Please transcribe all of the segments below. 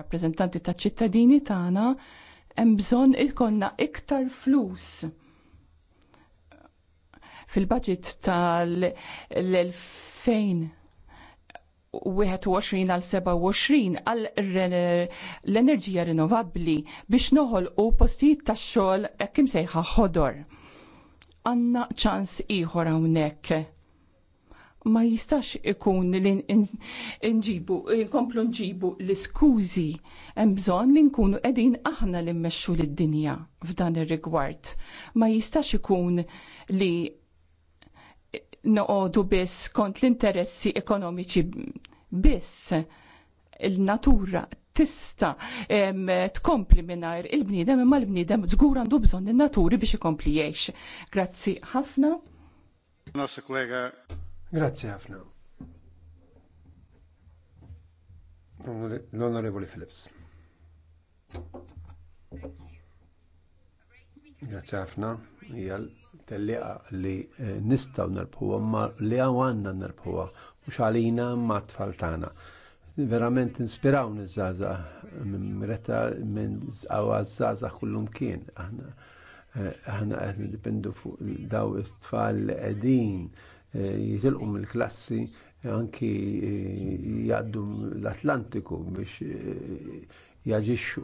rappresentanti taċ ċittadini tagħna hemm bżonn ikollna iktar flus fil-budget tal 2021 21 għal 27 għal l-enerġija rinnovabbli biex noħolqu postijiet tax xogħol kim sejħa ħodor. Għanna ċans ieħor hawnhekk ma jistax ikun li nġibu, komplu nġibu l-skużi hemm bżonn li nkunu qegħdin aħna li mmexxu lid-dinja f'dan ir-rigward. Ma jistax ikun li noqogħdu biss kont l-interessi ekonomiċi biss il-natura tista tkompli mingħajr il-bniedem imma l-bniedem żgur għandu bżonn in-naturi biex ikompli jgħix. Grazzi ħafna. Nostra kollega Grazie ħafna. L'onorevole onorevoli Phillips. Grazzi ħafna. Hija telliqa li eh, nistgħu nerbħuha, ma li hawn għandna nerbħuha mhux għalina ma tfal tagħna. Verament inspiraw niż-żaża minn reta minn żaża kullum kien aħna eh, qed nidependu fuq daw it-tfal li qegħdin Eh, jitilqu mill-klassi anki eh, jgħaddu l-Atlantiku biex eh, jaġixxu.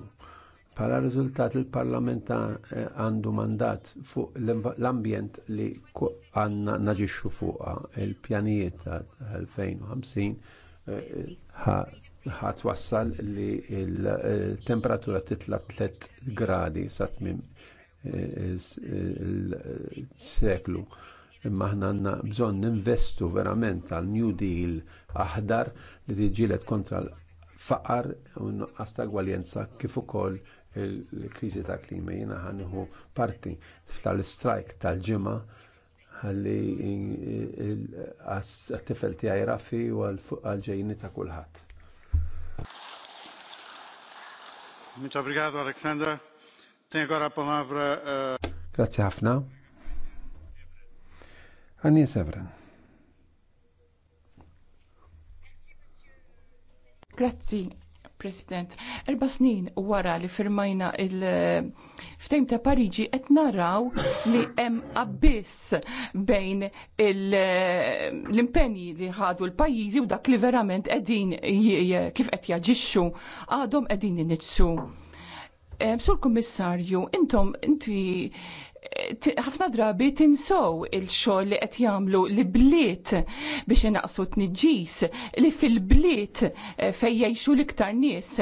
Pala riżultat il-Parlament għandu mandat fuq l-ambjent li għanna naġixxu fuqha il-pjanijiet ta' 2050 wassal li l-temperatura titla 3 gradi sa tmim il-seklu. Il imma aħna għandna bżonn ninvestu verament għall New Deal aħdar li tiġilet kontra l-faqar u nuqqas ta' gwaljenza kif ukoll il-kriżi ta' klima jiena ħanħu parti tal-strike tal-ġimgħa għalli għattifel ti tiegħi rafi u għal-ġejni ta' kulħadd. Muito obrigado, Alexander. Tengo la a eh, Grazie, Hafna. Annie Sevran. Grazzi, President. Erba snin wara li firmajna il-ftejm ta' Pariġi qed naraw li hemm abbiss bejn l-impenji li ħadu l-pajjiżi u dak li verament qegħdin kif qed jaġixxu għadhom qegħdin iniġsu. Sur Kummissarju, intom inti ħafna drabi tinsow il-xogħol li qed jagħmlu li bliet biex inaqsu tniġġis li fil-bliet eh, fejn jgħixu l-iktar nies.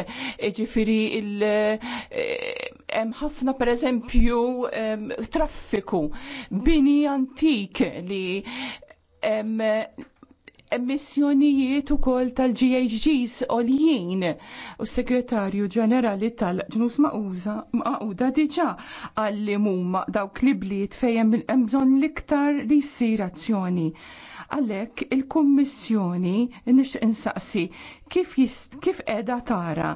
Ġifieri il eh, hemm ħafna pereżempju eh, traffiku bini antik li emissjonijiet ukoll tal-GHGs oljien u segretarju ġenerali tal-ġnus maquza maquda diġa għalli mumma dawk li bliet fejn hemm bżonn l-iktar li jsir azzjoni. Għalhekk il-Kummissjoni nix insaqsi kif jist, kif edha tara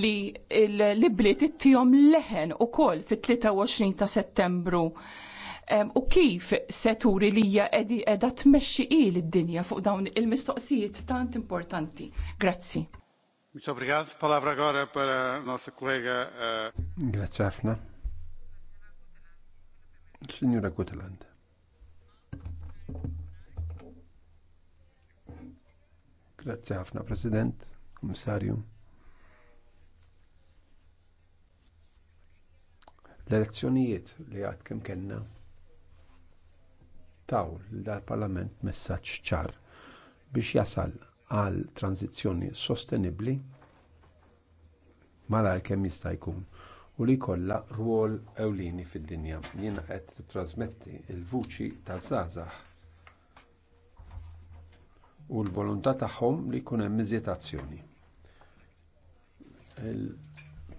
li l-bliet it-tijom leħen u kol fit-23 ta' settembru u kif seturi li hija qiegħda tmexxi il id-dinja fuq dawn il-mistoqsijiet tant importanti. Grazzi. Muito obrigado. Palavra agora para a nossa colega. Eh, Grazie, Afna. Signora Guteland. Grazie, Afna, President, Commissario. L-elezzjonijiet li għad kem kenna nibgħataw l-parlament messaġġ ċar biex jasal għal tranzizjoni sostenibbli malar kemm jista' jkun u li jkollha rwol ewlieni fid-dinja. Jiena qed titrasmetti l vuċi taż-żgħażagħ u l-volontà tagħhom li jkun hemm iżjed azzjoni.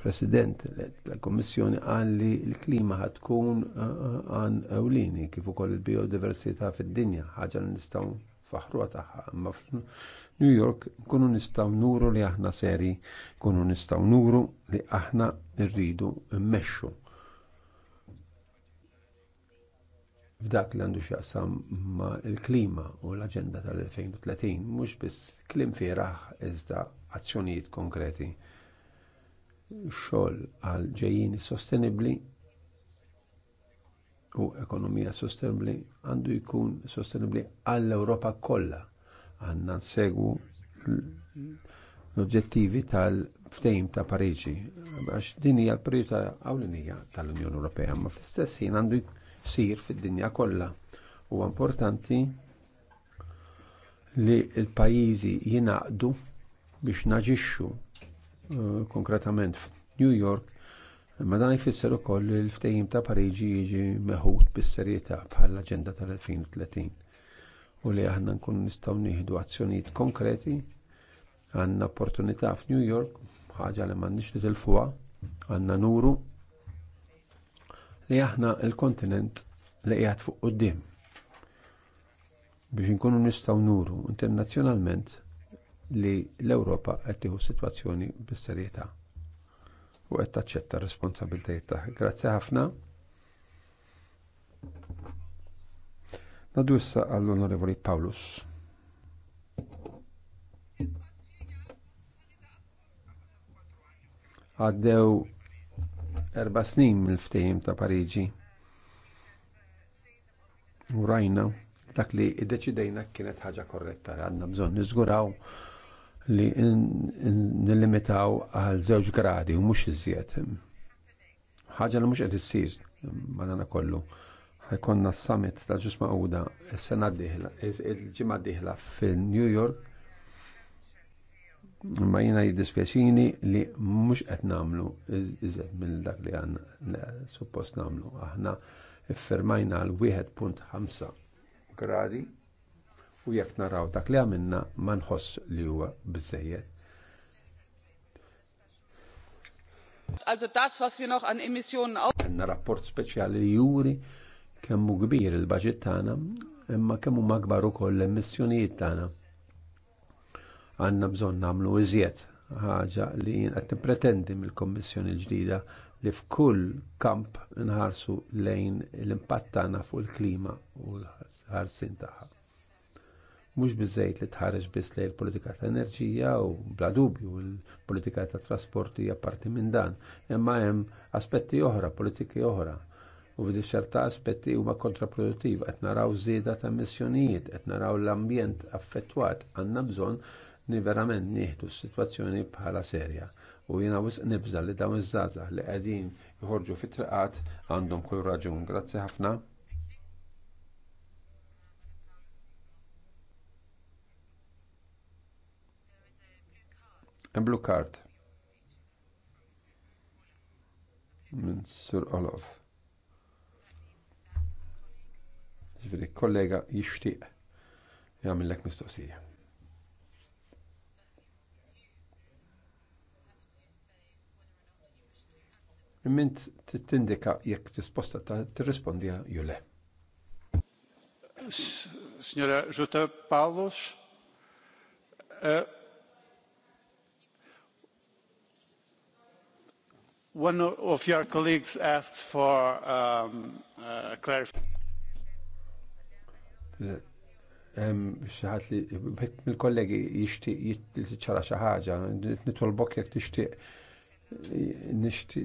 President tal-Kommissjoni qal li l-klima ħad tkun eh, eh, għan ewlieni kif ukoll il-biodiversità fid-dinja, ħaġa li nistgħu faħruha ma' Imma New York nkunu nistgħu nuru li aħna seri, nkunu nistgħu nuru li aħna rridu mmexxu. F'dak li għandu x'jaqsam ma' il-klima u l-aġenda tal-2030 mhux biss klim fieraħ iżda azzjonijiet konkreti xogħol għal ġejjini sostenibbli u ekonomija sostenibbli għandu jkun sostenibbli għall europa kollha. għanna segwu l-oġġettivi tal-ftejm ta' Pariġi għax din hija l-priorità għawlinija tal-Unjoni Ewropea, ma fl-istess ħin għandu jsir fid-dinja kollha. Huwa importanti li l-pajjiżi jingħaqdu biex naġixxu Eh, konkretament f'New York, imma dan jfisser ukoll li l-ftehim ta' Pariġi jiġi meħud bis-serjetà bħall-Aġenda tal-2030 u li aħna nkun nistgħu nieħdu azzjonijiet konkreti għandna opportunità f'New York, ħaġa li m'għandniex nitilfuha, għandna nuru li aħna l-kontinent li qiegħed fuq quddiem biex inkunu nistgħu nuru internazzjonalment li l-Ewropa qed tieħu s-sitwazzjoni bis-serjetà u qed taċċetta r responsabbiltajiet tagħha. Grazzi ħafna. Nadu issa għall-Onorevoli Paulus. Għaddew erba snin mill-ftehim ta' Pariġi. U rajna dak li ddeċidejna kienet ħaġa korretta, għandna bżonn niżguraw li nillimitaw għal zewġ gradi u mux iżjed. ħagġa li mhux qed issir banana kollu. Ħajkonna s-summit ta' ġusma Uda s-sena d-dihla, il-ġimma d-dihla fil-New York. Ma jina jiddispjaċini li mux għed namlu, iżjed mill dak li għandna suppost namlu. Aħna iffermajna l-1.5 gradi u jekk naraw dak li għamilna ma nħoss li huwa biżejjed. Also das, was wir noch an Emissionen auf... Ein rapport speċjali li juri kemmu kbir il-budget tagħna, imma kemmu magbar ukoll l-emissjonijiet tagħna. Għanna bżonn nagħmlu iżjed ħaġa li jien qed nippretendi mill-Kommissjoni l-ġdida li f'kull kamp nħarsu lejn l-impatt tagħna fuq il-klima u l-ħarsin tagħha mhux biżejt li tħareġ biss lejn l politika ta' enerġija u bla dubju l-politika ta' trasport hija parti minn dan, imma hemm aspetti oħra, politiki oħra. U f'di ċerta aspetti huma kontraproduttiv, qed naraw żieda ta' missjonijiet, qed naraw l-ambjent affettwat, għandna bżonn ni verament nieħdu s-sitwazzjoni bħala serja u jiena wisq nibża li dawn iż-żgħażagħ li qegħdin jħorġu fit-triqat għandhom kull raġun. Grazzi ħafna. Blue card. Minn Sur Olof. Ġifiri, kollega jishtiq jgħamillek mistoqsija. Mint tindika jekk tisposta ta' tirrispondi ju jule. Signora Jutta Paulus, eh, One of your colleagues asked for um, uh, clarification. Xaħat li, bħet mill-kollegi jishtiq jitċara xaħġa, nitolbok jek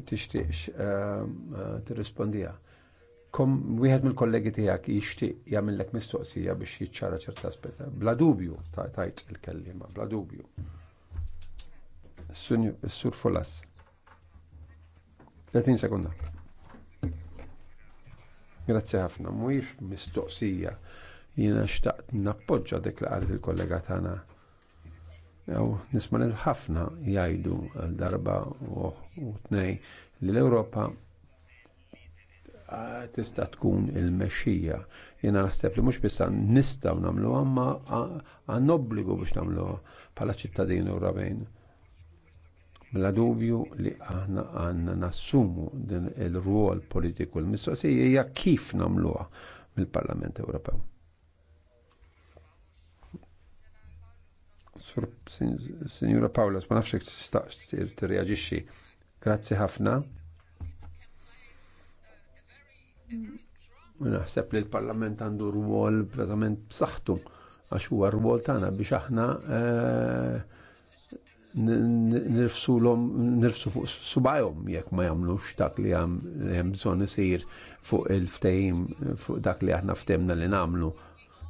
t eh, Kom, wieħed kollegi tijak jamillek mistoqsija biex jitċara ċerta aspetta. Bla dubju, tajt il-kellima, bla dubju. Sur Fulas. 30 sekunda. Grazzi ħafna, mhuwiex mistoqsija jiena xtaqt nappoġġa dik li il-kollega tagħna. Jew nisman il ħafna jgħidu darba u tnej li l-Ewropa ah, tista' tkun il-mexxija. Jiena naħseb li mhux biss nistgħu nagħmluha, ma għan obbligu biex nagħmluha bħala ċittadini Ewropejn. Mela dubju li aħna għanna nassumu din il-ruol politiku l-mistoqsija hija kif namluha mill-Parlament Ewropew. Signora Paula, ma nafx tistaqx tirreaġixxi. Grazzi ħafna. Mela, naħseb li l-Parlament għandu rwol preżament b'saħħtu għax huwa rwol tagħna biex aħna uh, nirfsulhom nirfsu fuq subajhom jekk ma jagħmlux dak li hemm bżonn isir fuq il-ftehim fuq dak li aħna ftemna li nagħmlu.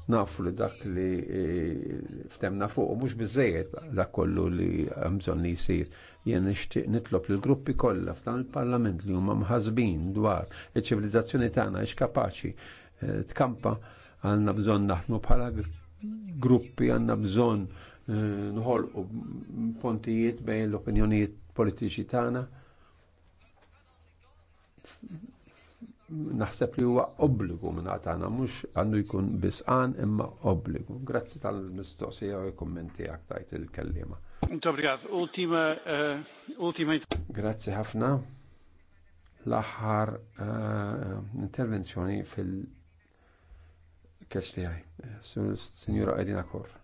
Nafu li dak li e, ftemna fuq mhux biżejjed dak kollu li hemm bżonn li jsir. Jien nixtieq nitlob l gruppi kollha f'dan il-Parlament li huma mħasbin dwar iċ-ċivilizzazzjoni tagħna hix kapaċi e, tkampa għandna bżonn naħdmu bħala gruppi għandna bżonn Eh, u pontijiet bejn l-opinjonijiet politiċi tagħna. Naħseb li huwa obbligu minn tagħna mhux għandu jkun bisqan imma obbligu. Grazzi tal-mistoqsija u għak tajt il-kellima. Intobrigat, ultima, eh, ultima. Grazzi ħafna. L-aħħar eh, intervenzjoni fil-kestijaj. Signora Edina Kor.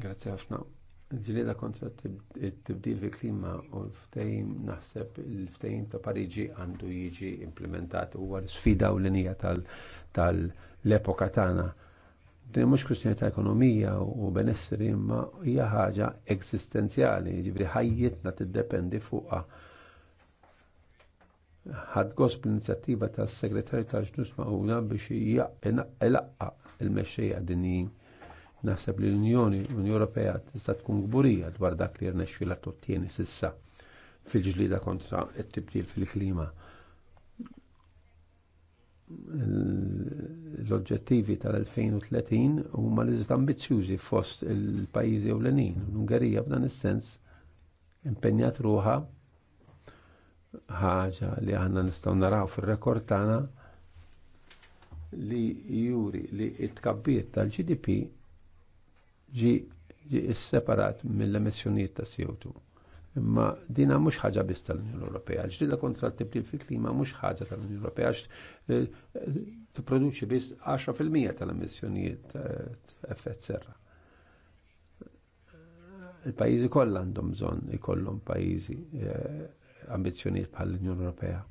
Grazie ħafna. Ġilida kontra tibdil fi klima u ftejn naħseb il ftejn ta' Pariġi għandu jiġi implementat u għar sfida u l-linija tal-epoka tagħna. Din mhux kwestjoni ta' ekonomija u benessri imma hija ħaġa eżistenzjali, jiġifieri ħajjitna tiddependi fuqha. Ħadd gosb l-inizjattiva tas-Segretarju tal-Ġnus Magħuna biex jaqqa il-mexxejja dinji. Naħseb li l-Unjoni Unjoni Ewropea tista' tkun gburija dwar dak li la tottieni sissa fil-ġlida kontra t-tibdil fil-klima. L-oġġettivi tal-2030 huma li żiet ambizzjużi fost il-pajjiżi ewlenin. L-Ungerija f'dan is-sens impenjat ruħa ħaġa li aħna nistgħu naraw fir-rekord tagħna li juri li t tkabbir tal-GDP ġi separat mill-emissjonijiet ta' CO2. Imma dina mhux ħaġa biss tal-Unjoni Ewropea, ġdida kontra t-tibdil fil-klima mhux ħaġa tal-Unjoni Ewropea eh, tipproduċi biss 10% tal-emissjonijiet effett serra. Il-pajjiżi kollha għandhom bżonn ikollhom pajjiżi eh, ambizzjonijiet bħall-Unjoni Ewropea.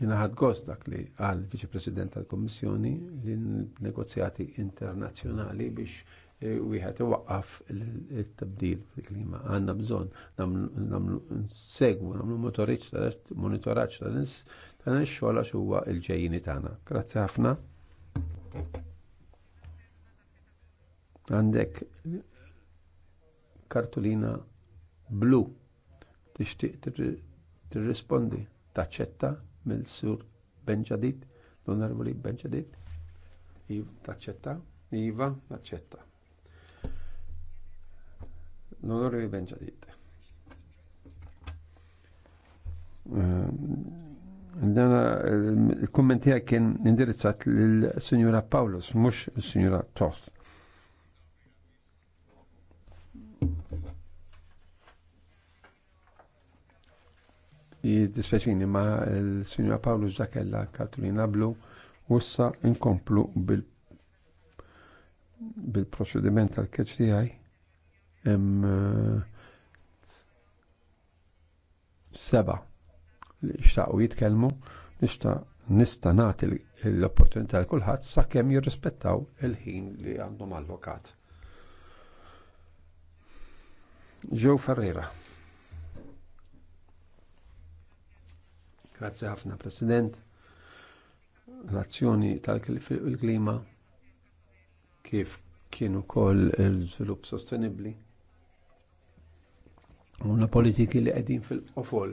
Jinaħad gost dak li għal viċi President tal-Kommissjoni li negozjati internazzjonali biex e, wieħed waqqaf il-tabdil fil-klima. Għandna bżonn nagħmlu segwu, namlu motoriċ monitoraġġ ta' nis ta' nis xogħol għax il l-ġejjini tagħna. Grazzi ħafna. Għandek kartulina blu tixtieq tirrispondi taċċetta mill-sur Benġadit, l-onorevoli Benġadit. Iva, taċċetta? Iva, taċċetta. L-onorevoli Benġadit. Eh, eh, il kommentija kien indirizzat l signora Paulus, mux l signora Toth. Jiddispjaċini ma l-Sinjora Pawlu ġakella Katulina Blu u issa inkomplu bil bil-proċediment tal-keċ tiegħi eh, seba li xtaqu jitkellmu nista nista' nagħti l-opportunità l kulħadd sakemm jirrispettaw il-ħin li għandhom allokat. Joe Ferreira. Grazzi ħafna, President. L-azzjoni tal-klima kif kienu kol il-żvilupp sostenibli. Una politiki li għedin fil-qofol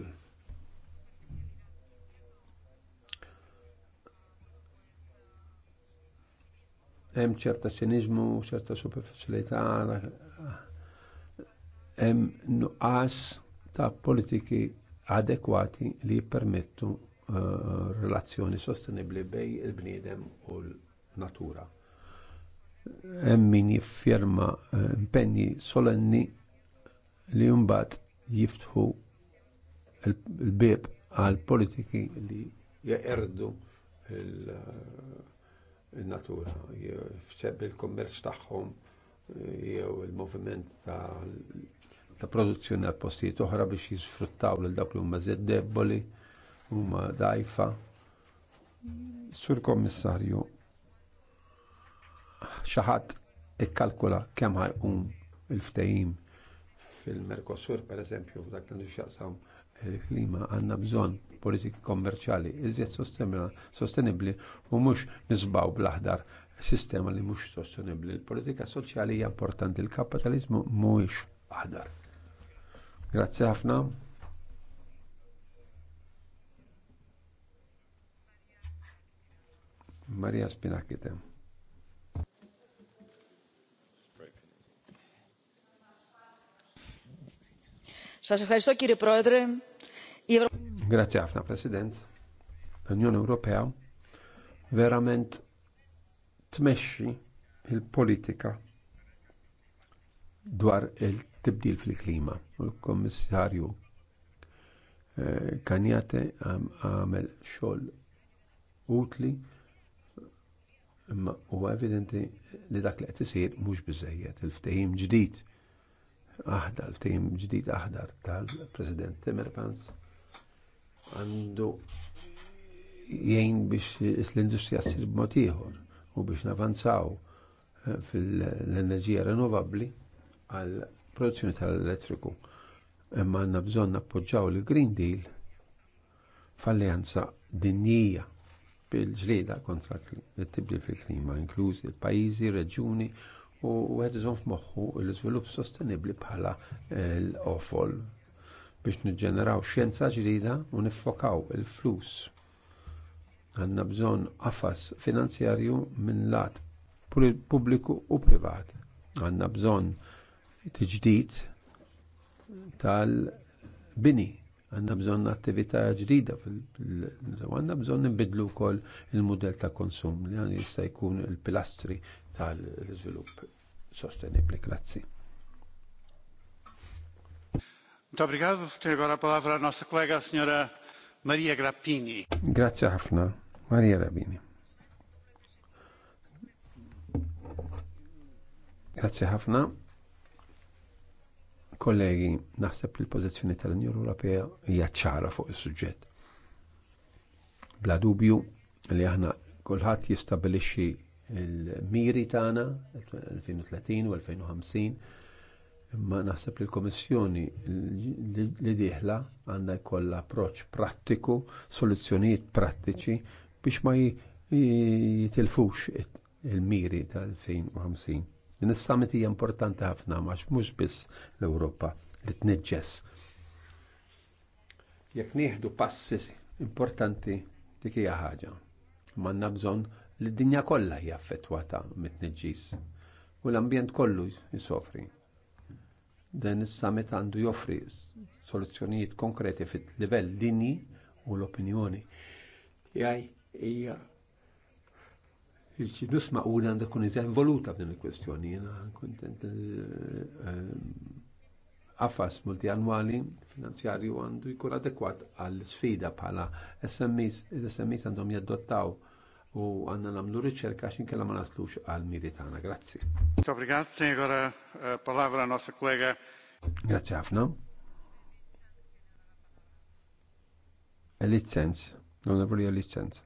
hemm ċerta ċinizmu, ċerta superficialità, hemm nuqqas ta' politiki adekwati li jippermettu eh, relazzjoni sostenibbli bejn il-bniedem u l-natura. Hemm min jiffirma uh, solenni li mbagħad jiftħu l-bib għal politiki li jgħerdu eh, il-natura, fċeb il-kommerċ taħħom, jew il-moviment ta' ta' produzzjoni għal postijiet oħra biex jisfruttaw lil dawk li huma zed deboli, huma dajfa. Sur Kommissarju, xaħat ikkalkula kemm ħajqum il-ftehim fil-Mercosur pereżempju dak li xaqsam il-klima għandna bżonn politiki kommerċjali iżjed sostenibbli u mhux nisbaw bl-aħdar sistema li mhux sostenibbli. Il-politika soċjali hija importanti, il-kapitalizmu mhuwiex aħdar. Grazie ħafna. Maria Spinakite. Grazie ħafna President. L-Unjoni Ewropea verament tmexxi il-politika dwar il tibdil fil-klima. U l-Kommissarju eh, Kanjate għamel xogħol utli imma huwa evidenti li dak li qed isir mhux biżejjed il-ftehim ġdid aħdar, il-ftehim ġdid aħdar tal-President Timmermans għandu jgħin biex l-industrija sir b'mod ieħor u biex navanzaw eh, fil-enerġija renovabbli għal produzzjoni tal-elettriku. Imma għandna bżonn appoġġaw il-Green Deal f'alleanza dinnija bil-ġlieda kontra l-tibli fil-klima, inkluż il-pajjiżi, reġuni u għed f'moħħu l-iżvilupp sostenibbli bħala eh, l-ofol biex niġġeneraw xjenza ġdida u niffokaw il-flus. Għanna bżonn għafas finanzjarju minn lat pubbliku u privat. Għanna bżonn tġdid tal-bini. Għanna bżon attività ġdida, għanna bżon nibidlu kol il-modell ta' konsum li għan jista' jkun il-pilastri tal-izvilupp sostenibli. Grazzi. Obrigado, tenho agora a palavra a nossa colega, a senhora Maria Grappini. Grazie ħafna, Maria Grappini. Grazie Hafna. Kollegi, naħseb li l-pożizzjoni tal-Unjoni Ewropea hija ċara fuq is-suġġett. Bla dubju li aħna kulħadd jistabilixxi l-miri tagħna 2030 u 2050 imma naħseb li l-Komissjoni li dieħla għandha jkollha approċċ prattiku, soluzzjonijiet prattiċi biex ma jitilfux il-miri tal-2050. Din is-summit hija importanti ħafna għax mhux biss l-Ewropa li tniġġes. Jekk nieħdu passi importanti dik hija ħaġa. Manna bżonn li d-dinja kollha hija affettwata mit-tniġġis u l-ambjent kollu jisofri. Dan is-summit għandu joffri soluzzjonijiet konkreti fit-livell dinji u l-opinjoni. Jaj, hija il-ċinus u għanda kun iżgħin voluta f'din il-kwestjoni. Jena kontent għafas eh, multianwali finanzjarju għandu jkun adekwat għall sfida bħala SMS, il-SMEs għandhom jaddottaw u għanna namlu riċerka xin kella ma naslux għal miritana. Grazzi. Obrigat, tenjora eh, palavra nostra kollega. Grazzi għafna. Licenz, non avrei licenza.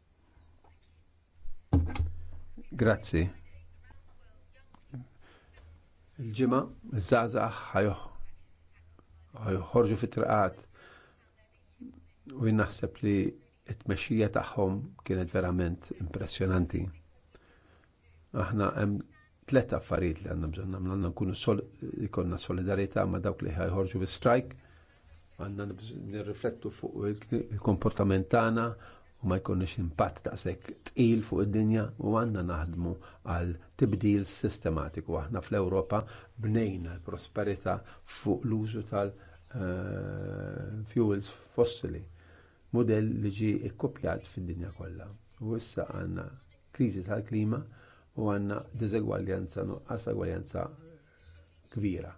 Grazzi. il il żgħażagħ ħajħorġu fit-triqat u jinnaħseb li it-mexija taħħom kienet verament impressionanti. Aħna hemm tlet affarijiet li għandna bżonn nagħmlu għandna nkunu sol ikollna solidarità ma' dawk li ħajħorġu bi strike, għandna nirriflettu fuq il-komportament tagħna u ma jkunniex impatt daqshekk tqil fuq id-dinja u għandna naħdmu għal tibdil sistematiku. Aħna fl-Ewropa bnejna l-prosperità fuq l-użu tal-fuels eh, fossili, modell li ġie ikkopjat fid-dinja kollha. U issa għandna kriżi tal-klima u għandna diżegwaljanza nuqqas għasegwaljanza kbira.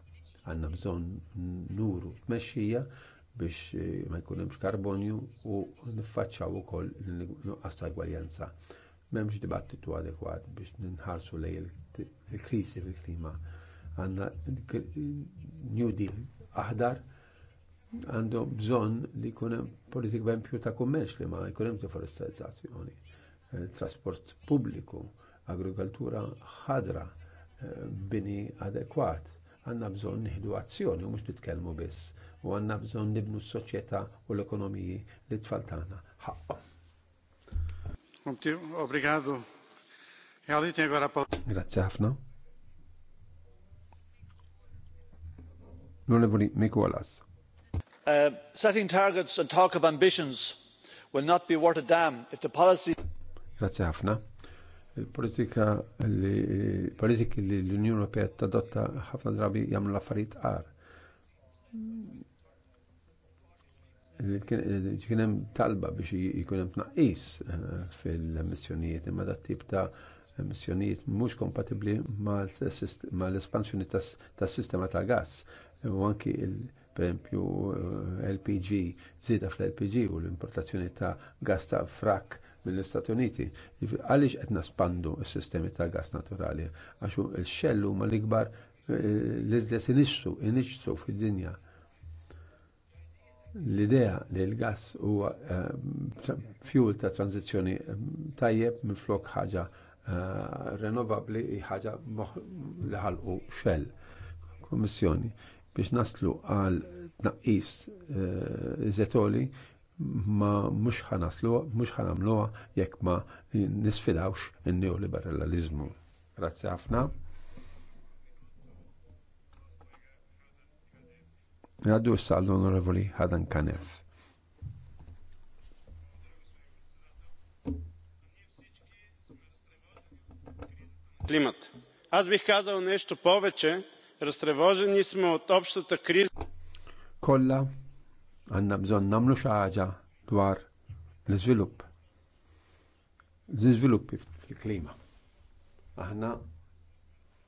Għandna bżonn nuru tmexxija biex eh, ma jkun hemmx karbonju u niffaċċaw ukoll nuqqas ta' gwaljanza. M'hemmx dibattitu adekwat biex ninħarsu lej il-krisi fil-klima. Għandna New Deal aħdar għandu bżon li kunem politik ben bempju ta' kummerċ li ma jkunem hemm deforestalizzazzjoni, eh, trasport pubbliku, agrikoltura ħadra, eh, bini adekwat. Għandna bżon nieħdu azzjoni u mux nitkellmu biss u għanna bżon nibnu s-soċjetà u l-ekonomiji li t-tfal tagħna ħaqhom. Obrigado. Grazie ħafna. l Onorevoli Mikolas. Uh, setting targets and talk of ambitions will not be worth a damn if the policy Grazie ħafna. Il-politika li politiki li l-Unjoni Ewropea tadotta ħafna drabi jagħmlu l-affarijiet għar kien hemm talba biex jkun hemm tnaqqis eh, fil-emissjonijiet imma dat tip ta' emissjonijiet mhux kompatibbli mal espansjoni tas-sistema ta' gass u anki pereempju eh, LPG, żieda fl-LPG u l-importazzjoni ta' gas ta' frak mill-Istati Uniti. Għaliex qed naspandu s-sistemi ta' gas naturali għax l xellu ma l-ikbar eh, li żdes inixxu, inixxu fid-dinja L-idea li l-gas huwa eh, fjul ta' tranzizjoni eh, tajjeb minn flok ħaġa eh, renovabli ħaġa li ħalqu xell. Kommissjoni biex naslu għal tnaqqis zetoli ma mux ħanaslu, mux ħanamluwa jekk ma nisfidawx il-neoliberalizmu. Grazie ħafna. Għaddu issa l-Onorevoli Ħadan Kanef. Климат. Аз бих казал нещо повече. Разтревожени сме от общата криза. Kolla għanna bżon namlu xaħġa dwar l-izvilupp. L-izvilupp fil-klima. Aħna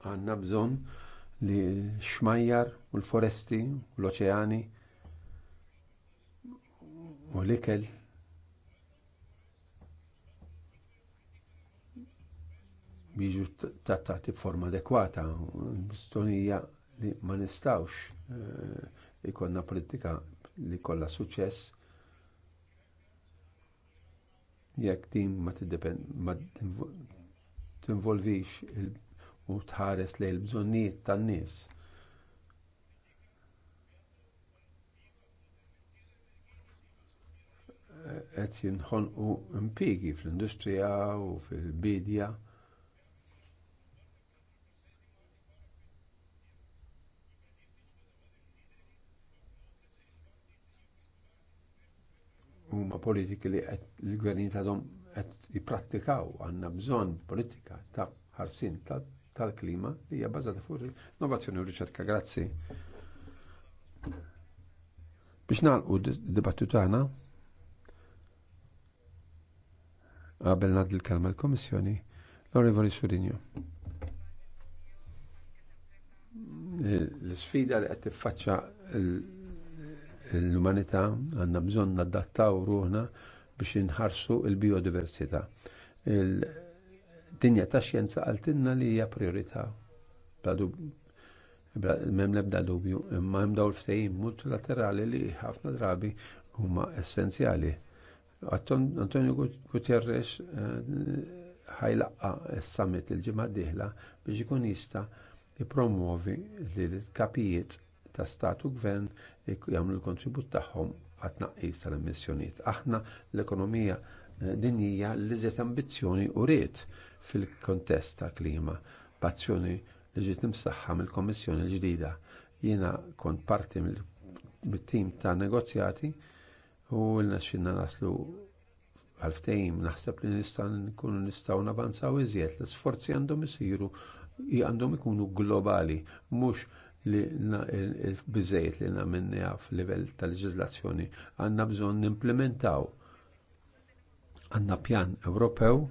għanna bżon li xmajjar u l-foresti u l-oċeani u l-ikel biġu tattati b'forma adekwata. bistonija li ma nistawx eh, ikonna politika li kolla suċċess jekk din ma tinvolvix il u tħares li l bżonnijiet tan-nies. Et jinħon u impigi fl-industrija u fil-bidja. U ma politiki li l il ta' dom qed jiprattikaw għanna bżon politika ta' ħarsin ta' tal-klima li hija bbażata fuq innovazzjoni u riċerka. Grazzi. Biex nagħlqu d-dibattu tagħna qabel ngħaddi l-kelma l-Komissjoni, l-Onorevoli Surinju. L-sfida li qed tiffaċċa l-umanità għandna bżonn nadattaw ruħna biex inħarsu l-biodiversità. Il dinja ta' xjenza għaltinna li hija priorità. Mem lebda dubju, imma hemm dawl ftehim multilaterali li ħafna drabi huma essenzjali. Antonio Guterres eh, ħajlaqqa s-summit il-ġimgħa d-dieħla biex ikun jista' jippromuovi li l-kapijiet ta' Stat u gvern jagħmlu l-kontribut tagħhom għat-tnaqqis tal-emissjonijiet. Aħna l-ekonomija eh, dinjija li żiet ambizzjoni u ried fil-kontest ta' klima b'azzjoni li ġiet imsaħħa mill-Kommissjoni l-ġdida. Jiena kont parti mit-tim ta' negozjati u l-naxxinna naslu għalftejn naħseb li nistgħu nkunu nistgħu navanzaw iżjed l-isforzi għandhom isiru għandhom ikunu globali, mhux li biżejt li nagħmilniha f'livell ta' leġiżlazzjoni għandna bżonn nimplementaw għandna pjan Ewropew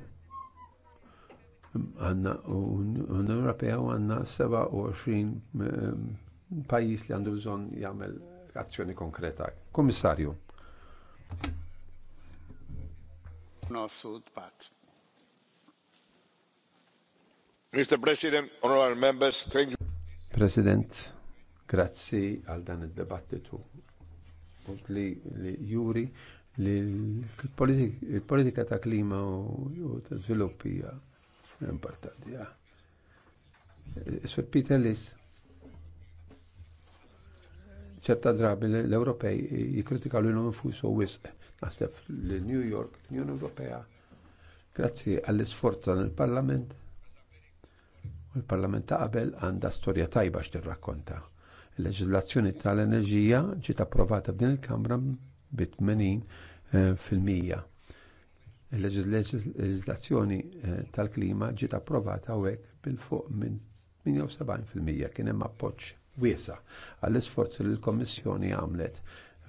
għanna Unjoni Ewropea u għanna 27 eh, pajis li għandu bżon jgħamil azzjoni konkreta. Kommissarju. Mr. President, honorable members, thank you. President, grazzi għal dan il debattitu Li, li juri li l-politika ta' klima u ta' sviluppi importanti. Ah. Eh, Sur Peter Liss, ċerta drabi l-Ewropej jikritikaw l u wisq. Naħseb l-New York, l-Unjoni Ewropea, grazzi għall-isforza tal-Parlament, u l-Parlament ta' qabel għandha storja tajba x'tirrakkonta. Il-leġiżlazzjoni tal-enerġija ġiet approvata din il-Kamra bit 80 eh, fil-mija Il-leġislazzjoni eh, tal-klima ġiet approvata hawnhekk bil-fuq minn 78% kien hemm appoġġ wiesa għall-isforzi li l-Kommissjoni għamlet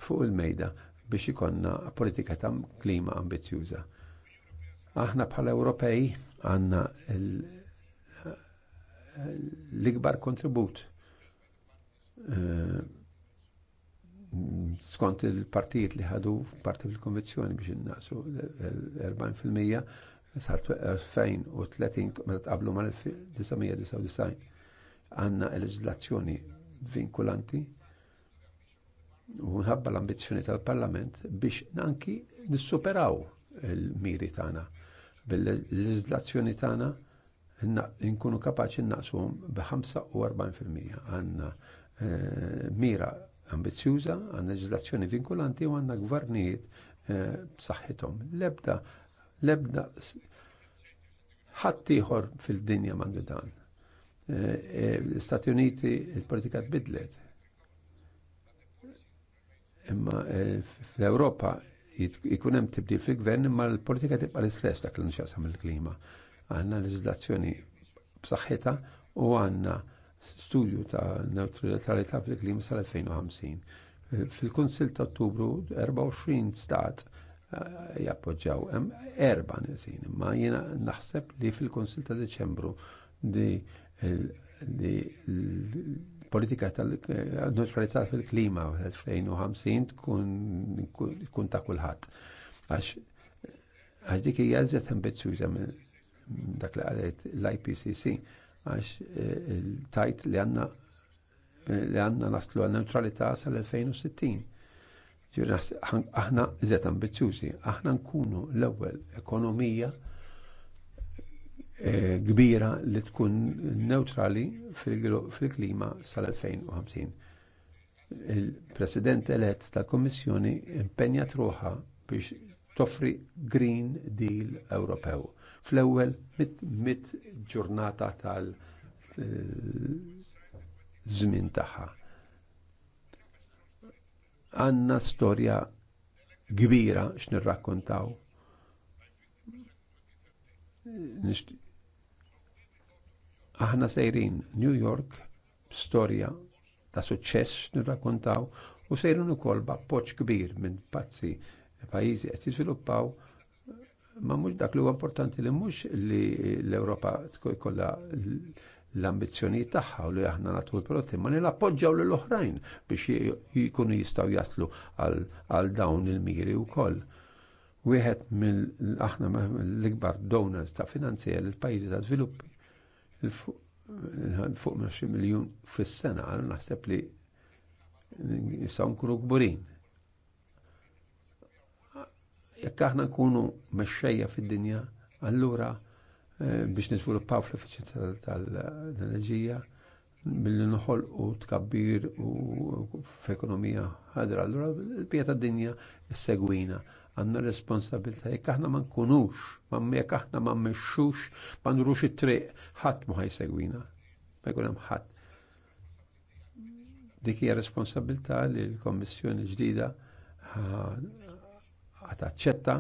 fuq il-mejda biex ikonna politika ta' klima ambizjuża. Aħna bħala Ewropej għandna eh, l-ikbar kontribut eh, skont il-partijiet li ħadu parti fil-konvenzjoni biex innaqsu 40% sa 2030 meta tqablu mal-1999 għandna leġislazzjoni vinkulanti u nħabba l-ambizzjoni tal-Parlament biex anki nissuperaw il-miri tagħna. Bil-leġislazzjoni tagħna nkunu kapaċi naqsuhom b'45% għandna eh, mira ambizjuża, għandna leġislazzjoni vinkulanti u għandna gvarnijiet eh, b'saħħithom. Lebda lebda ħattiħor fil-dinja m'għandu dan. Eh, eh, Stati Uniti il-politika tbidlet. Imma fl europa jkun hemm tibdil fil-gvern imma l-politika tibqa' l-istess dak li nixaqsam il-klima. Għandna leġislazzjoni b'saħħitha u għandna studju ta' neutralità fil-klim sal-2050. Eh, Fil-Kunsil ta' Ottubru 24 stat eh, jappoġġaw hemm erba' nisin, ma jiena naħseb li fil-Kunsil ta' Deċembru li politika tal-neutralità eh, fil-klima 2050 tkun ta' kulħadd. Għax dik hija eżatt ambizzjuża minn dak li qalet l-IPCC għax eh, il-tajt li għanna eh, li għanna naslu għal neutralità sal-2060. aħna zet ambizjużi, aħna nkunu l-ewwel ekonomija eh, kbira li tkun neutrali fil-klima sal-2050. Il-President elett tal-Kommissjoni impenjat ruħa biex toffri Green Deal Ewropew fl-ewwel mit ġurnata tal eh, żmien tagħha. Għandna storja kbira x'nirrakkontaw. Aħna sejrin New York storja ta' suċċess x'nirrakkontaw u sejrin ukoll b'appoġġ kbir minn pazzi pajjiżi qed jiżviluppaw Ma mhux dak li huwa importanti li mhux li l-Ewropa tkun kollha l ambizzjoni tagħha u li aħna nagħtu l-prodotti, ma nilappoġġaw lil oħrajn biex jkunu jistgħu jaslu għal dawn il-miri wkoll. Wieħed mill aħna l-ikbar donors ta' finanzija l pajjiżi ta' żviluppi fuq 20 miljun fis-sena, naħseb li jistgħu nkunu kburin Jekk aħna nkunu mexxejja fid-dinja, allura eh, biex niżviluppaw fl-effiċjenza tal-enerġija billi noħol u tkabbir u f'ekonomija ħadra. Allura l-bija tad-dinja segwina għanna responsabilta jekk aħna ma nkunux, jekk aħna ma mmexxux, ma nrux it-triq, ħadd ma ħajsegwina. Ma jkun hemm ħadd. Dik hija responsabilità li l-Kommissjoni ġdida taċċetta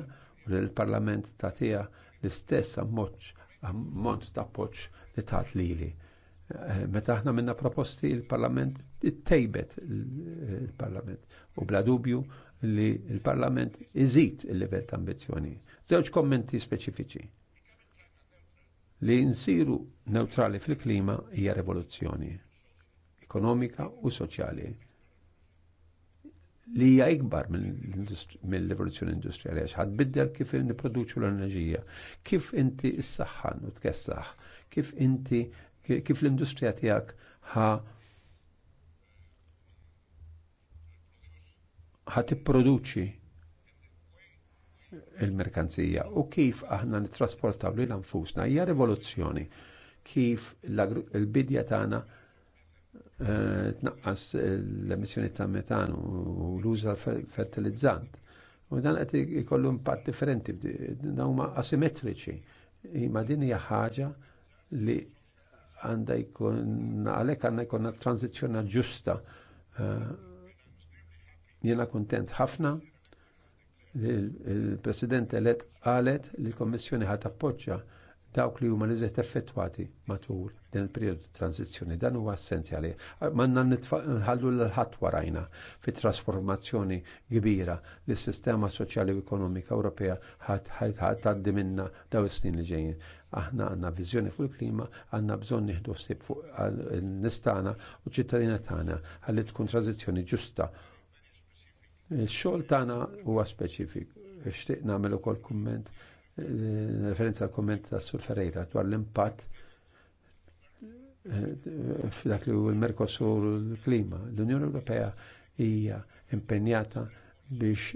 u li l-Parlament tagħtiha l-istess ammont ta' appoġġ li tat lili. Eh, meta aħna minna proposti il-Parlament ittejbet il-Parlament u bla dubju li il-Parlament iżid il-livell ta' ambizzjoni. Żewġ kommenti speċifiċi li nsiru neutrali fil-klima hija revoluzzjoni ekonomika u soċjali li hija ikbar mill evoluzzjoni industrijali għax ħadbiddel kif nipproduċu l-enerġija, kif inti s-saħħan u tkessaħ, kif inti kif l-industrija tiegħek ha ha tipproduċi il-merkanzija u kif aħna nittrasportaw lil anfusna hija rivoluzzjoni kif il-bidja tagħna Eh, tnaqqas l-emissjoni ta' metanu u l-uża fertilizzant. U dan qed ikollu impatt differenti, dan huma asimetriċi. Imma din hija ħaġa li għandha jkun għalhekk għandna jkollna tranzizzjoni ġusta. Eh, jiena kuntent ħafna il-President elett qalet li l-Kommissjoni ħat appoġġja dawk li huma li effettwati matul din il ta' tranzizzjoni dan huwa essenzjali. Manna nħallu l-ħadd warajna fit-trasformazzjoni kbira li s-sistema soċjali u ekonomika Ewropea għaddi minna daw is-snin li ġejjin. Aħna għandna viżjoni fuq il-klima, għandna bżonn nieħdu ħsieb fuq nistana u ċittadina tagħna ħalli tkun tranzizzjoni ġusta. ix xogħol tagħna huwa speċifik. Ixtieq nagħmel ukoll kumment referenza għal-komment ta' Sur Ferreira dwar l-impatt eh, f'dak li huwa l-Merkosur l-klima. L-Unjoni Ewropea hija impenjata biex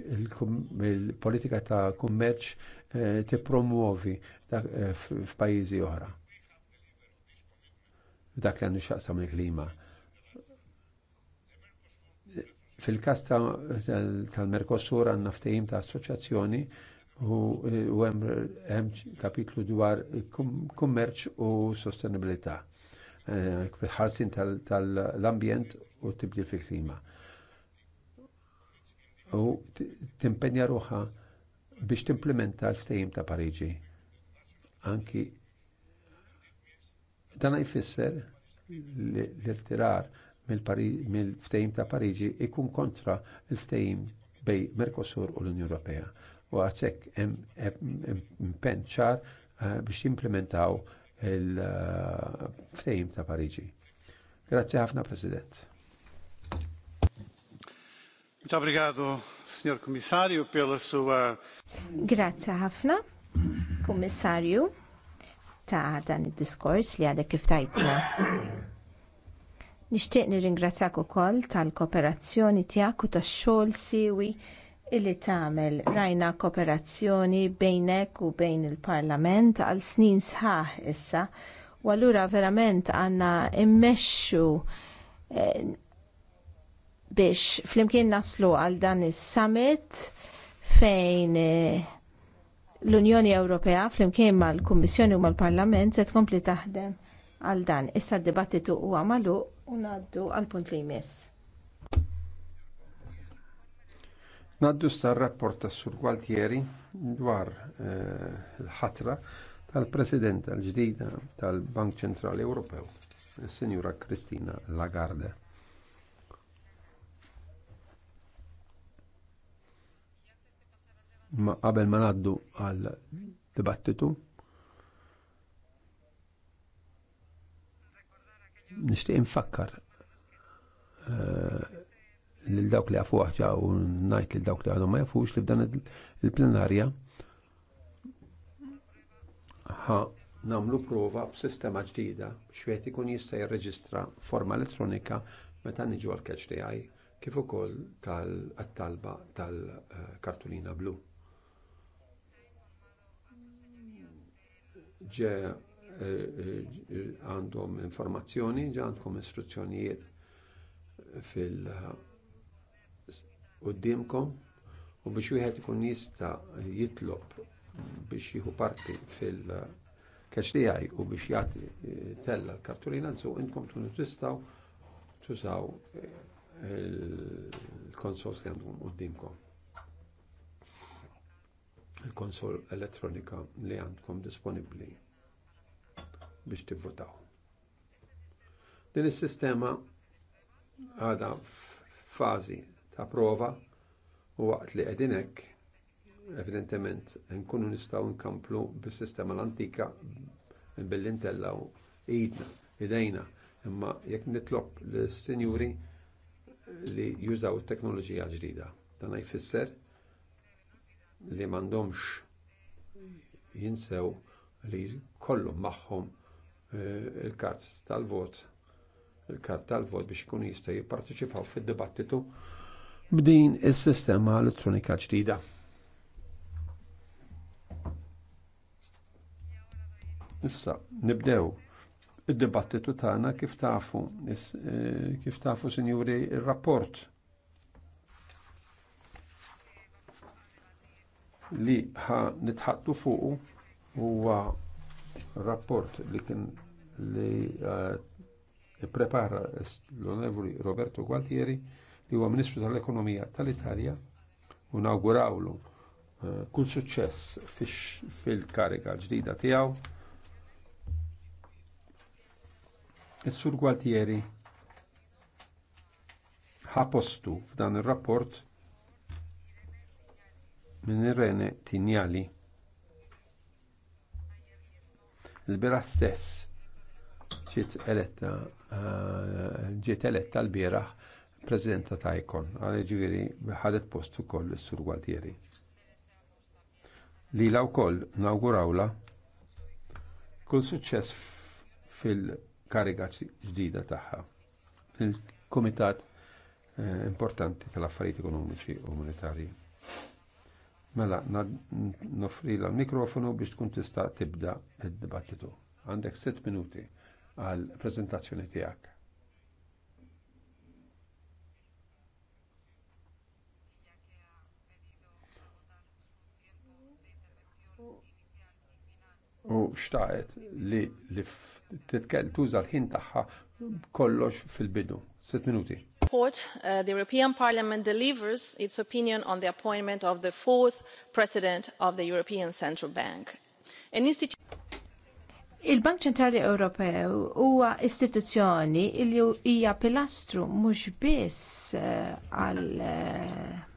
il-politika ta' kummerċ eh, tippromuovi eh, f'pajjiżi oħra. Dak li għandu xaqsam il-klima. Fil-kas tal-Merkosur għandna ftehim ta' assoċjazzjoni u e, hemm kapitlu dwar kummerċ u sostenibilità. E, ħarsin tal-ambjent u tibdil fil-klima. U timpenja ruħa biex timplementa l ftejim ta' Pariġi. Anki dan jfisser l-irtirar mill-ftehim ta' Pariġi ikun kontra l-ftehim bej Mercosur u l unjon Ewropea u għatek impenċar eh, biex implementaw il-frejm eh, ta' Pariġi. Grazie ħafna, President. Muito Sr. Komissarju, pela su... Grazie ħafna, Kummissarju, ta' dan id-diskors li għadek kif tajtna. Nixtieq nirringrazzjak ukoll tal-kooperazzjoni tiegħek u tax-xogħol siwi illi tagħmel rajna kooperazzjoni bejnek u bejn il-Parlament għal snin sħaħ issa u allura verament għandna immexxu eh, biex flimkien naslu għal dan is-summit fejn eh, l-Unjoni Ewropea flimkien mal-Kummissjoni u mal-Parlament se tkompli taħdem għal dan. Issa d-dibattitu huwa magħluq u ngħaddu għall punt li jmiss. Naddu sta' rapport tas Sur Gualtieri dwar eh, l-ħatra tal-President tal-ġdida tal-Bank Ċentrali Ewropew, is-Sinjura Kristina Lagarde. Ma qabel ma naddu għal dibattitu nishtiq infakkar eh, lil dawk li għafu ħaġa u najt lil dawk li għadhom ma jafux li f'dan il-plenarja ħa namlu prova b'sistema ġdida xwejt ikun jista' jirreġistra forma elettronika meta niġu għal catch tiegħi kif ukoll tal-talba tal-kartulina blu. Ġe eh, eh, għandhom informazzjoni, ġe għandkom istruzzjonijiet fil- quddiemkom u biex wieħed ikun jista' jitlob biex jieħu parti fil-kaċ tiegħi u biex jagħti eh, tella l-kartulina nsu intkom tkunu tistgħu tużaw eh, il-konsols li għandhom quddiemkom Il-konsol elettronika li għandkom disponibbli biex tivvotaw. Din is-sistema għadha f'fażi ta' prova u waqt li qegħdin hekk evidentement nkunu nistgħu nkamplu bis-sistema l-antika billi u idna, idejna, imma jekk nitlob l sinjuri li jużaw it-teknoloġija ġdida. Dan jfisser li m'għandhomx jinsew li kollu magħhom eh, il-karts tal-vot il-kart tal-vot biex ikun jista' jipparteċipaw fid-dibattitu b'din is-sistema elettronika ġdida. Issa, nibdew id-dibattitu tagħna kif tafu eh, kif tafu sinjuri ir-rapport li ħa nitħattu fuqu huwa rapport li kien li uh, eh, prepara l onevoli Roberto Gualtieri li huwa Ministru tal-Ekonomija tal-Italja u nawgurawlu eh, kull suċċess fil-kariga ġdida tiegħu. Is-Sur Gualtieri ħapostu f'dan ir-rapport minn Irene Tinjali. Il-bira stess ġiet eletta eh, ġiet eletta l-bieraħ Presidenta ta' ICON, għal ġiviri ħadet post ukoll is-Sur Gualtieri. Lila wkoll nawgurawla kull suċċess fil-kariga ġdida tagħha fil-Kumitat importanti tal-affarijiet ekonomiċi u monetari. Mela, nofri l mikrofonu biex tkun tista' tibda id-dibattitu. Għandek 7 minuti għal prezentazzjoni tiegħek. u xtaqet li li titkel tuża l-ħin tagħha kollox fil-bidu. Sitt minuti. Report, uh, the European Parliament delivers its opinion on the appointment of the fourth president of the European Central Bank. An Il-Bank Ċentrali Ewropew huwa istituzzjoni li hija pilastru mhux biss uh, għal uh,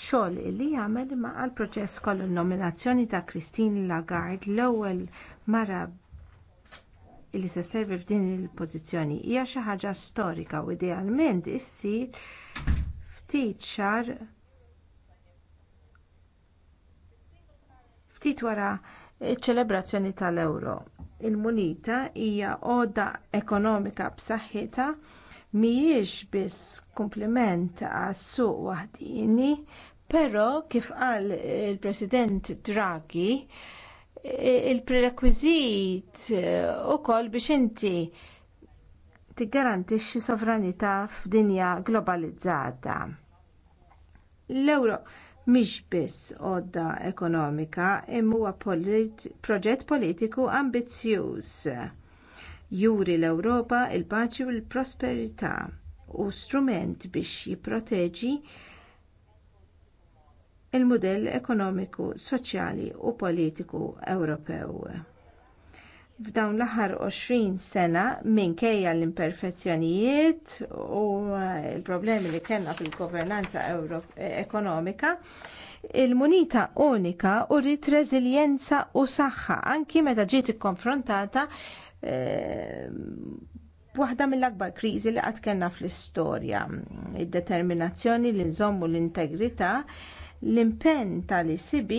xogħol li jagħmel imma għall proċess kollu n-nominazzjoni ta' Christine Lagarde l-ewwel mara li se servi f'din il-pożizzjoni hija xi ħaġa storika u idealment issir ftit xar ftit wara ċ-ċelebrazzjoni tal-ewro. Il-munita hija għodda ekonomika b'saħħitha mhijiex biss kumpliment għas-suq waħdini Però kif qal il-President Draghi, il-prerequisit eh, ukoll biex inti tiggarantixxi sovranità f'dinja globalizzata. L-euro mhix biss għodda ekonomika imma huwa polit, proġett politiku ambizzjuż. Juri l-Ewropa il-paċi u l-prosperità u strument biex jipproteġi il-mudell ekonomiku, soċjali u politiku Ewropew. F'dawn l-aħħar 20 sena minkejja l-imperfezzjonijiet u l-problemi li kellna fil-governanza ekonomika, il-munita unika u rrit reżiljenza u saħħa anki meta ġiet ikkonfrontata eh, Waħda mill-akbar kriżi li qatt kellna fl-istorja, id-determinazzjoni li u l-integrità L-impenn tal-ICB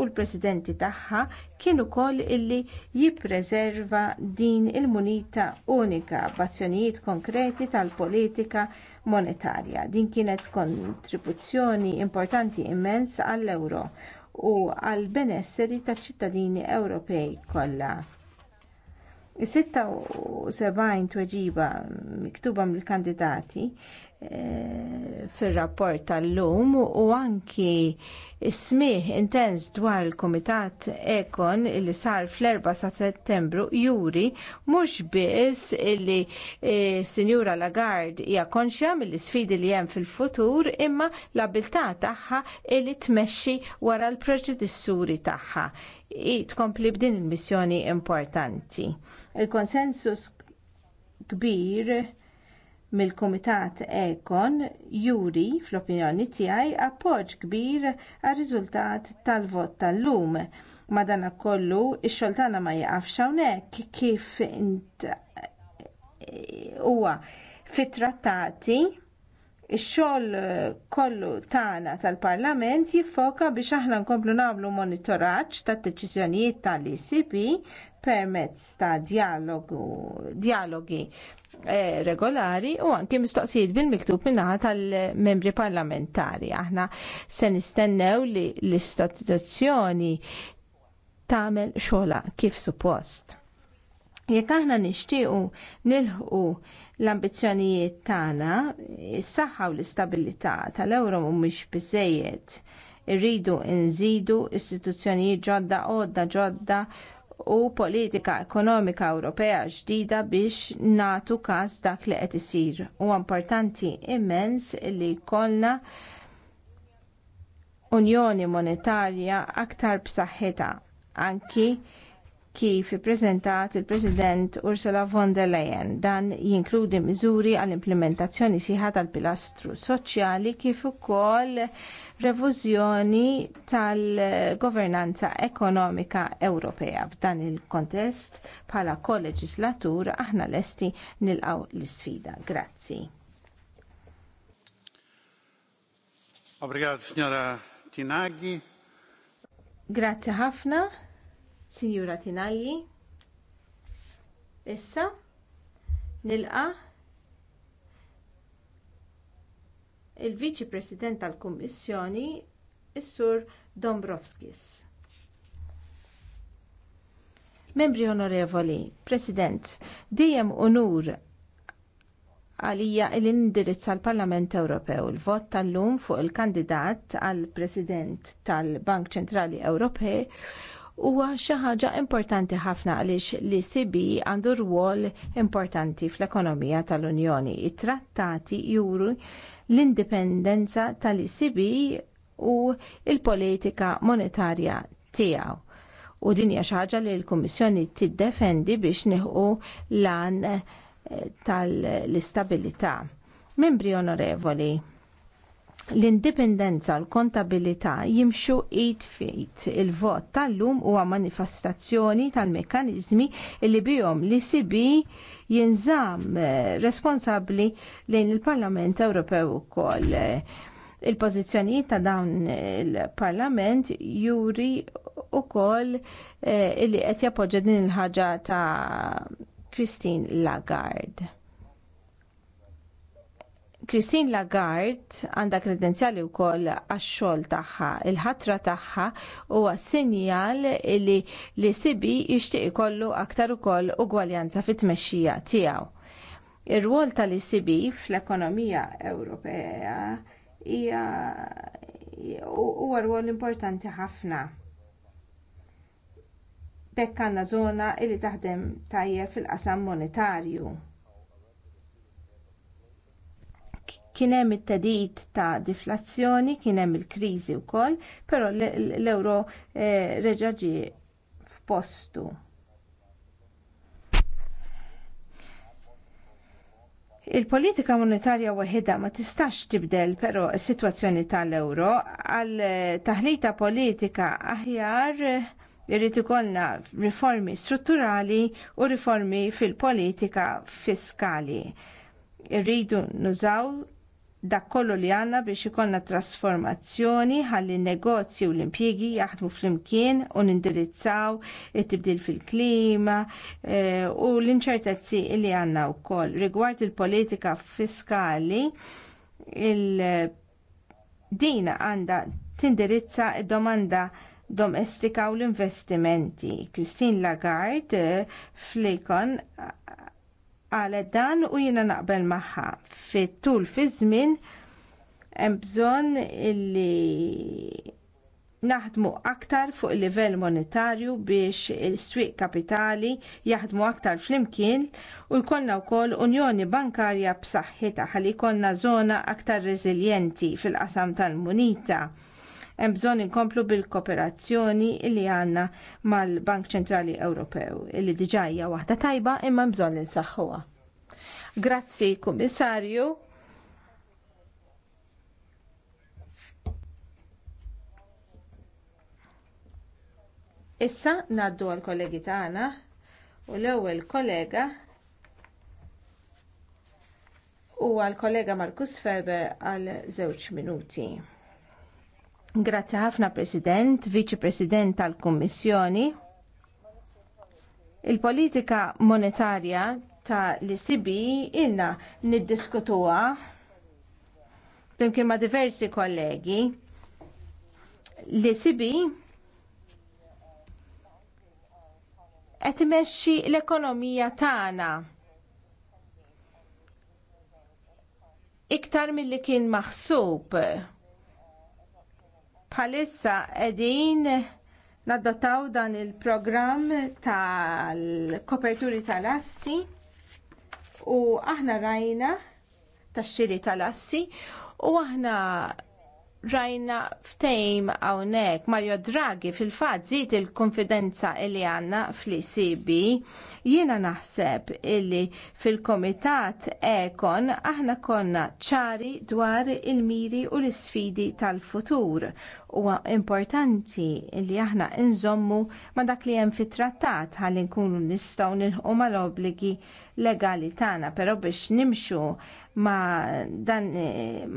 u l-presidenti tagħha kien ukoll illi jippreserva din il-munita unika b'azzjonijiet konkreti tal-politika monetarja. Din kienet kontribuzzjoni importanti immens għall-euro u għall-benesseri taċ ċittadini Ewropej kollha. Is-76 tweġiba miktuba mill-kandidati Eh, fil-rapport tal-lum u anki smih intens dwar il-Komitat Ekon li sar fl-4 sa' settembru juri mhux biss li e, eh, Sinjura Lagarde hija konxja mill-isfidi li hemm fil-futur imma l taħħa tagħha li tmexxi wara l proġedissuri tagħha. I tkompli b'din il-missjoni importanti. Il-konsensus kbir mill-Kumitat Ekon juri fl-opinjoni tiegħi appoġġ kbir għar-riżultat tal-vot tal-lum. Madankollu x-xogħol tagħna ma jaqafx hawnhekk kif huwa fit-trattati ix-xogħol kollu tagħna tal-Parlament jiffoka biex aħna nkomplu nagħmlu monitoraġġ tad-deċiżjonijiet tal-ECB permezz ta' dialogu, dialogi eh, regolari u anki mistoqsijiet bil-miktub minna tal-membri parlamentari. Aħna se nistennew li l-istituzzjoni tagħmel xola kif suppost. Jekk aħna nixtiequ nilħu l-ambizzjonijiet tagħna, is-saħħa u l-istabilità tal-ewro mhumiex biżejjed irridu nżidu istituzzjonijiet ġodda għodda ġodda u politika ekonomika Ewropea ġdida biex nagħtu każ dak li qed isir. Huwa importanti immens li jkollna Unjoni Monetarja aktar b'saħħitha anki kif ippreżentat il-President Ursula von der Leyen. Dan jinkludi miżuri għall-implementazzjoni sieħa tal-pilastru soċjali kif ukoll revużjoni tal-governanza ekonomika Ewropea. F'dan il-kontest bħala koleġislatur aħna lesti nilqgħu l-isfida. Grazzi. Obrigado, signora Tinaghi. Grazzi ħafna, signora Tinaghi. Issa, nilqa' il-viċi president tal-kummissjoni is-sur dombrovskis membri onorevoli president dejjem unur għalija l indirizza għall parlament Ewropew il-vot tal-lum fuq il-kandidat għal President tal-Bank Ċentrali Ewropej huwa xi ħaġa importanti ħafna għaliex li sibi għandu rwol importanti fl-ekonomija tal-Unjoni. It-trattati juru l-indipendenza tal-ECB u l politika monetarja tiegħu. U din hija xi ħaġa li l-Kummissjoni tiddefendi biex nieħu lan eh, tal-istabilità. Membri onorevoli, L-indipendenza, u l-kontabilità jimxu id fit il-vot tal-lum huwa manifestazzjoni tal mekkaniżmi li bihom li sibi jinżam eh, responsabbli lejn il-Parlament Ewropew ukoll. Il-pożizzjonijiet ta' dawn il-Parlament juri wkoll eh, li qed jappoġġa din il-ħaġa ta' Christine Lagarde. Christine Lagarde għandha kredenzjali wkoll għax-xogħol tagħha, il-ħatra tagħha huwa sinjal li li sibi jixtieq ikollu aktar ukoll ugwaljanza fit-tmexxija tiegħu. Ir-rwol tal-ECB fl-ekonomija Ewropea hija huwa rwol importanti ħafna. Bekk għandna żona li taħdem tajjeb fil-qasam monetarju Kien hemm it-tedid ta' deflazzjoni, kien hemm il-kriżi wkoll, però l-euro eh, reġa' ġie f'postu. Il-politika monetarja waħedha ma tistax tibdel però s-sitwazzjoni tal-euro għal taħlita politika aħjar irrid ikollna riformi strutturali u riformi fil-politika fiskali. Irridu nużaw dak kollu li għandna biex ikollna trasformazzjoni ħalli n negozji u l-impjiegi jaħdmu flimkien u nindirizzaw it-tibdil fil-klima e, u l-inċertezzi li għandna wkoll rigward il-politika fiskali il dina għandha tindirizza d domanda domestika u l-investimenti. Christine Lagarde eh, flikon qalet dan u jiena naqbel magħha. Fit-tul fi żmien hemm bżonn illi naħdmu aktar fuq il-livell monetarju biex is-swieq kapitali jaħdmu aktar flimkien u jkollna wkoll unjoni bankarja b'saħħitha ħalli jkollna żona aktar reżiljenti fil-qasam tal-munita. Hemm bżonn inkomplu bil-kooperazzjoni li għandna mal-Bank Ċentrali Ewropew li diġà hija waħda tajba imma hemm bżonn insaħħuha. Grazzi, Kummissarju. Issa ngħaddu għall kollegi tagħna u l-ewwel kollega huwa l-kollega Markus Ferber għal żewġ minuti. Grazzi ħafna President, Viċi President tal-Kummissjoni. Il-politika monetarja ta' l-ICB ilna niddiskutuha flimkien ma' diversi kollegi. L-ICB qed imexxi l-ekonomija tagħna. iktar milli kien maħsub bħalissa qegħdin naddataw dan il-programm tal-koperturi tal-assi u aħna rajna tax-xiri tal-assi u aħna rajna ftejm hawnhekk Mario Draghi fil-fatt żied il-konfidenza li għandna fl-ECB jiena naħseb illi fil-Komitat Ekon aħna konna ċari dwar il-miri u l-isfidi tal-futur. Huwa importanti li aħna nżommu ma dak li hemm fit-trattat ħalli nkunu nistgħu nilħu mal-obbligi legali tagħna, però biex nimxu ma, dan,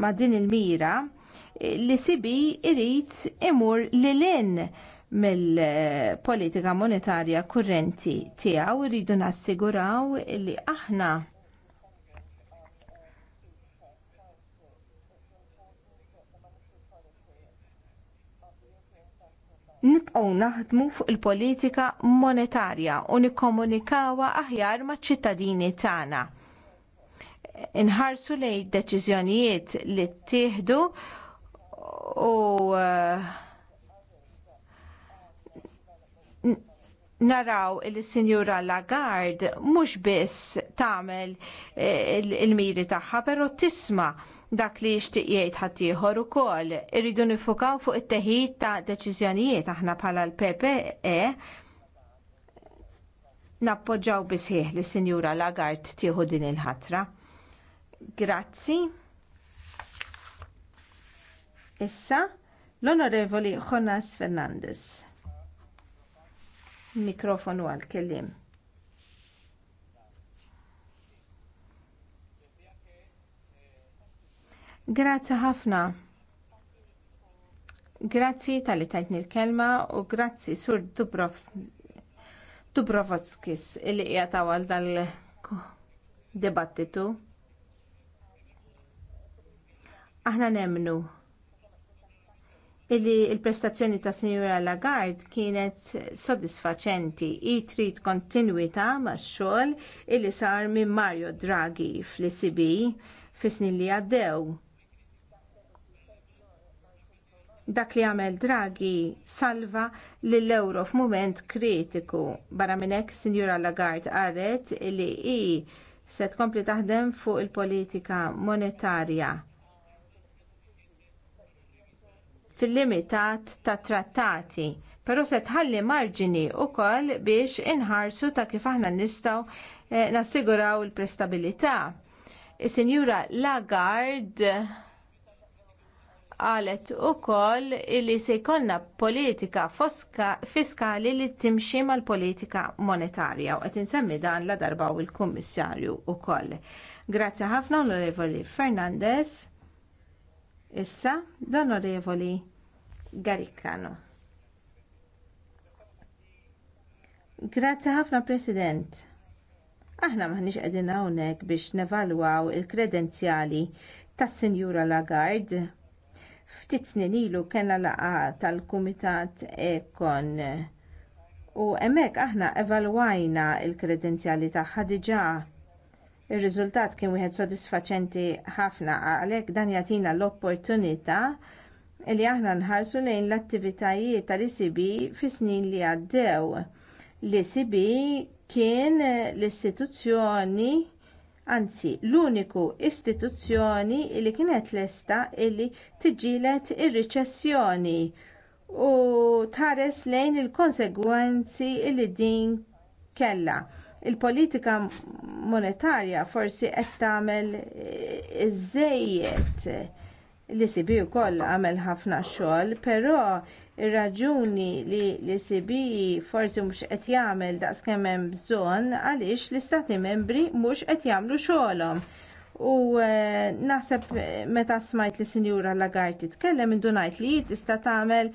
ma din il-mira li sibi irrit imur li l-in mill-politika monetarja kurrenti tiegħu irridu nassiguraw li aħna nibqgħu naħdmu fuq il-politika monetarja u nikkomunikawha aħjar maċ-ċittadini tagħna. Inħarsu lejn id deċiżjonijiet li ttieħdu u uh, naraw il-Sinjura Lagarde mhux biss tagħmel eh, il-miri tagħha, però tisma dak li xtieq jgħid ħaddieħor ukoll. Irridu nifukaw fuq it-teħid ta' deċiżjonijiet aħna bħala l-PPE nappoġġaw bisħieħ li Sinjura Lagarde tieħu din il-ħatra. Grazzi. Issa l-Onorevoli Jonas Fernandez. Mikrofonu għal kellim. Grazzi ħafna. Grazzi tal-li tajtni l-kelma u grazzi sur Dubrovskis li jgħataw għal dal-debattitu. Aħna nemnu illi il-prestazzjoni ta' Sinjura Lagarde kienet sodisfaċenti i trid kontinwità max-xogħol illi sar minn Mario Draghi fl-ECB fis-snin li għaddew. Dak li għamel Draghi salva lill euro f'mument kritiku. Barra minn hekk Sinjura Lagarde għaret li hi se tkompli taħdem fuq il-politika monetarja fil-limitat ta' trattati pero se tħalli marġini wkoll biex inħarsu ta' kif aħna nistgħu eh, nassiguraw il-prestabilità. Is-Sinjura Lagarde qalet ukoll li se jkollna politika fiskali li timxi mal-politika monetarja u qed insemmi dan la darba u l-Kummissarju wkoll. Grazzi ħafna Onorevoli Fernandez. Issa, l-Onorevoli Gariccano. Grazzi ħafna President. Aħna maħniex qegħdin hawnhekk biex nevalwaw il-kredenzjali tas-Sinjura Lagarde. Ftit snin ilu kellna laqa' tal-Kumitat Ekon u hemmhekk aħna evalwajna l kredenzjali tagħha diġà Ir-riżultat kien wieħed sodisfaċenti ħafna għalhekk dan jagħtina l-opportunità li aħna nħarsu lejn l-attivitajiet tal-ICB fis-snin li għaddew. L-ICB e kien l-istituzzjoni anzi l-uniku istituzzjoni li kienet lesta li tiġġielet ir-riċessjoni u tħares lejn il-konsegwenzi li din kellha il-politika monetarja forsi qed tagħmel żejjed li sibi wkoll għamel ħafna xogħol, però r raġuni li li sibi e forsi mhux qed jagħmel daqskemm hemm bżonn għaliex l-istati membri mhux qed jagħmlu xogħolhom. U eh, naħseb meta smajt li Sinjura Lagarde titkellem indunajt li tista' tagħmel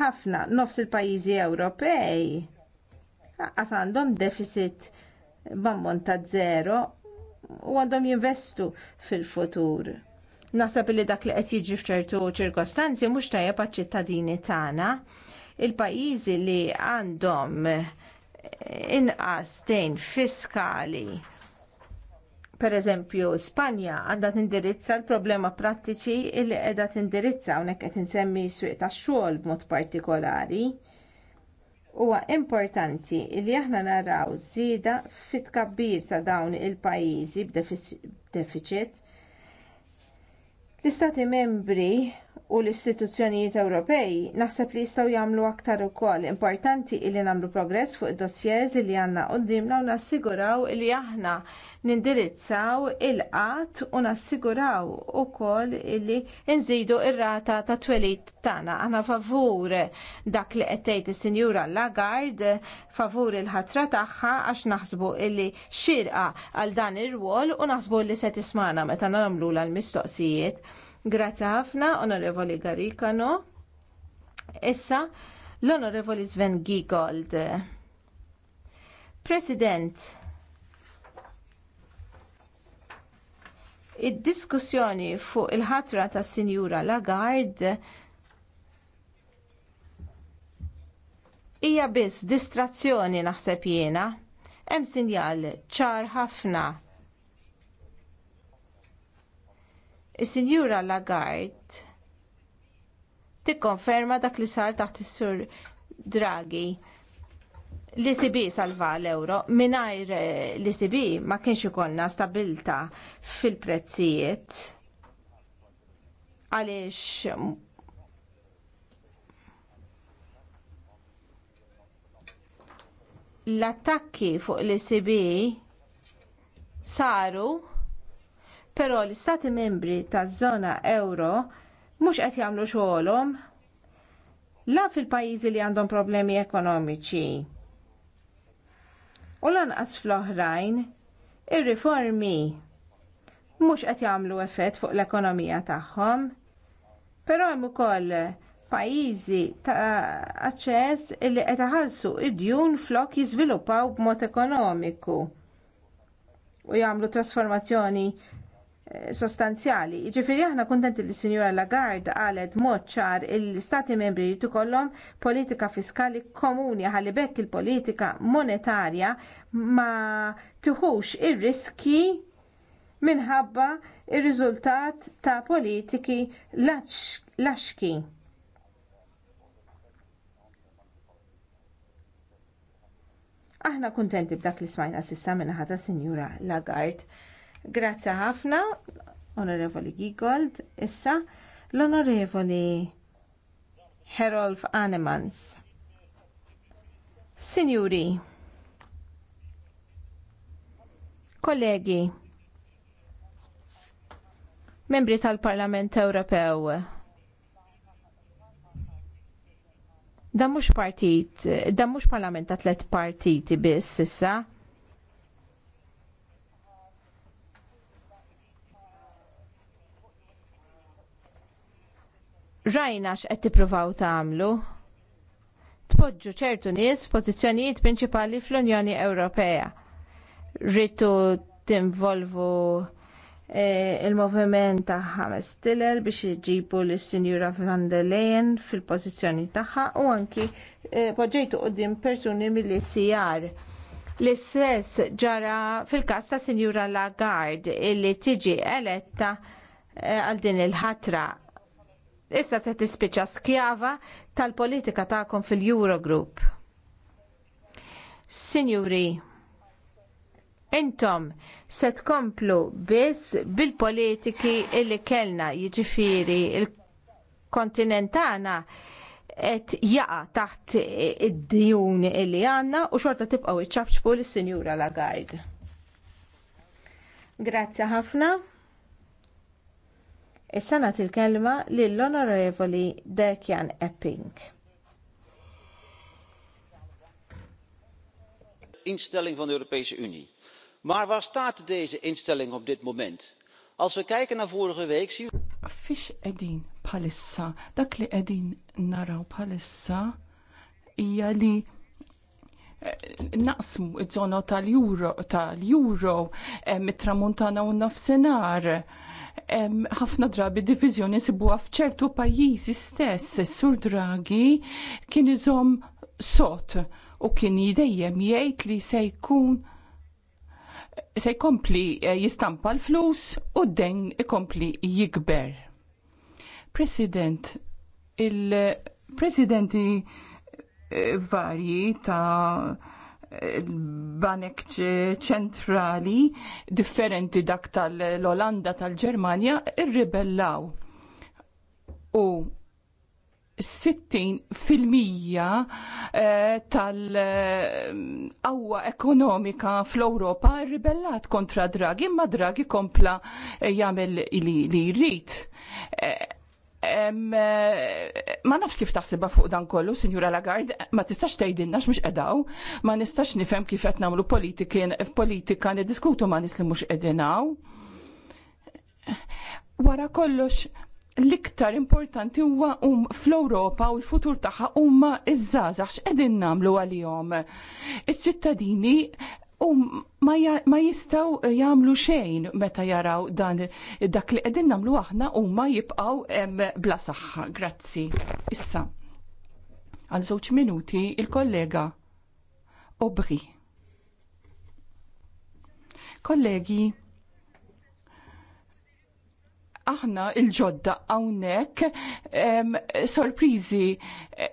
ħafna nofs il-pajjiżi Ewropej Qas għandhom deficit b'ammont ta' zero u għandhom jinvestu fil-futur. Nasab li dak li qed jiġi f'ċertu ċirkostanzi mhux tajjeb għaċ-ċittadini tagħna. Il-pajjiżi li għandhom inqas dejn fiskali per eżempju, Spanja għandha tindirizza l-problema prattiċi li qiegħda tindirizza hawnhekk qed insemmi swieq tax-xogħol b'mod partikolari. Huwa importanti li aħna naraw żieda fit-tkabbir ta' dawn il-pajjiżi b'defiċit. L-istati membri u l-istituzzjonijiet Ewropej naħseb li jistgħu jagħmlu aktar ukoll. Importanti li nagħmlu progress fuq id-dossiers li għandna qudiemna u nassiguraw li aħna nindirizzaw il-qatt u nassiguraw ukoll li nżidu ir-rata ta' twelid tagħna. Aħna favur dak li qed tgħid is-Sinjura Lagarde favur il-ħatra tagħha għax naħsbu li xirqa għal dan ir-rwol u naħsbu li se tismana meta nagħmlu l-mistoqsijiet. Grazzi ħafna, Onorevoli Garicano. Issa, l-Onorevoli Sven Giegold. President, id-diskussjoni fuq il-ħatra ta' Sinjura Lagarde hija biss distrazzjoni naħseb jiena. Hemm sinjal ċar ħafna Is-Sinjura Lagarde tikkonferma dak li sar taħt is-Sur Draghi li sibi salva l-euro mingħajr eh, li sibi ma kienx ikollna stabilta fil-prezzijiet għaliex l-attakki fuq l-ECB saru però l-istati membri taż-żona euro mhux qed jagħmlu xogħolhom la fil-pajjiżi li għandhom problemi ekonomiċi. U lanqas fl-oħrajn ir-riformi mhux qed jagħmlu effett fuq l-ekonomija tagħhom, però hemm ukoll pajjiżi ta' aċċess li qed iħallsu id-djun flok jiżviluppaw b'mod ekonomiku u jagħmlu trasformazzjoni sostanzjali. Ġifiri aħna kuntenti li Sinjora Lagarde qalet mod ċar il-Stati membri jrid ikollhom politika fiskali komuni għalli bekk il-politika monetarja ma tieħux ir-riski minħabba r riżultat ta' politiki laxki. Aħna kuntenti b'dak li smajna sissa min-ħata Sinjura Lagarde. Grazzi ħafna, Onorevoli Gigold. Issa, l-Onorevoli Herolf Anemans. Signori, kollegi, membri tal-Parlament Ewropew, da mux partit, dan mhux parlament ta' tliet partiti biss issa, rajna x'qed tippruvaw tagħmlu. Tpoġġu ċertu nies pożizzjonijiet prinċipali fl-Unjoni Ewropea. Rritu tinvolvu eh, il-moviment ta' ħames Stiller biex iġibu lis-Sinjura van der Leyen fil-pożizzjoni tagħha u anki eh, poġġejtu qudiem persuni mill-ICR. L-istess ġara fil-każ ta' Sinjura Lagarde illi tiġi eletta eh, għal din il-ħatra issa se tispiċċa skjava tal-politika tagħkom fil-Eurogroup. Sinjuri, intom se tkomplu biss bil-politiki illi kellna jiġifieri il-kontinentana qed jaqa taħt id dijuni illi għandna u xorta tibqgħu iċċabċbu l sinjura Lagarde. Grazzi ħafna. Is-sena l kelma lill-Onorevoli Dekjan Epping. instelling van de Europese Unie. Maar waar staat deze instelling op dit moment? Als we kijken naar vorige week zien we... Fix edin palissa, dak li edin naraw palissa, hija li eh, naqsmu iż-żona tal-Euro tal-Euro eh, mit-tramuntana u nofsinhar ħafna drabi diviżjoni sibuha f'ċertu pajjiżi stess. Sur Draghi kien iżom sot u kien jidejjem jgħid li se jkun se jkompli eh, jistampa l-flus u d ikompli jikber. President, il-presidenti eh, varji ta' banek ċentrali differenti dak tal-Olanda tal-Ġermanja irribellaw. U 60% eh, tal-qawwa ekonomika fl-Ewropa rribellat kontra Draghi, imma Draghi kompla jagħmel li jrid eh, Eh, ma nafx kif taħsibha fuq dan kollu, Sinjura Lagarde, ma tistax tgħidilna x'mhux qedaw, ma nistax nifhem kif qed nagħmlu politiki politika niddiskutu ma nis li mhux hawn. Wara kollox l-iktar importanti huwa um fl-Ewropa u l-futur tagħha huma iż-żgħażagħ x'qegħdin nagħmlu għalihom. Iċ-ċittadini u ma jistaw eh, jamlu xejn meta jaraw dan dak li qegħdin nagħmlu aħna u ma jibqgħu bla saħħa. Grazzi. Issa. Għal żewġ minuti il-kollega Obri. Kollegi, aħna il-ġodda għawnek sorprizi eh,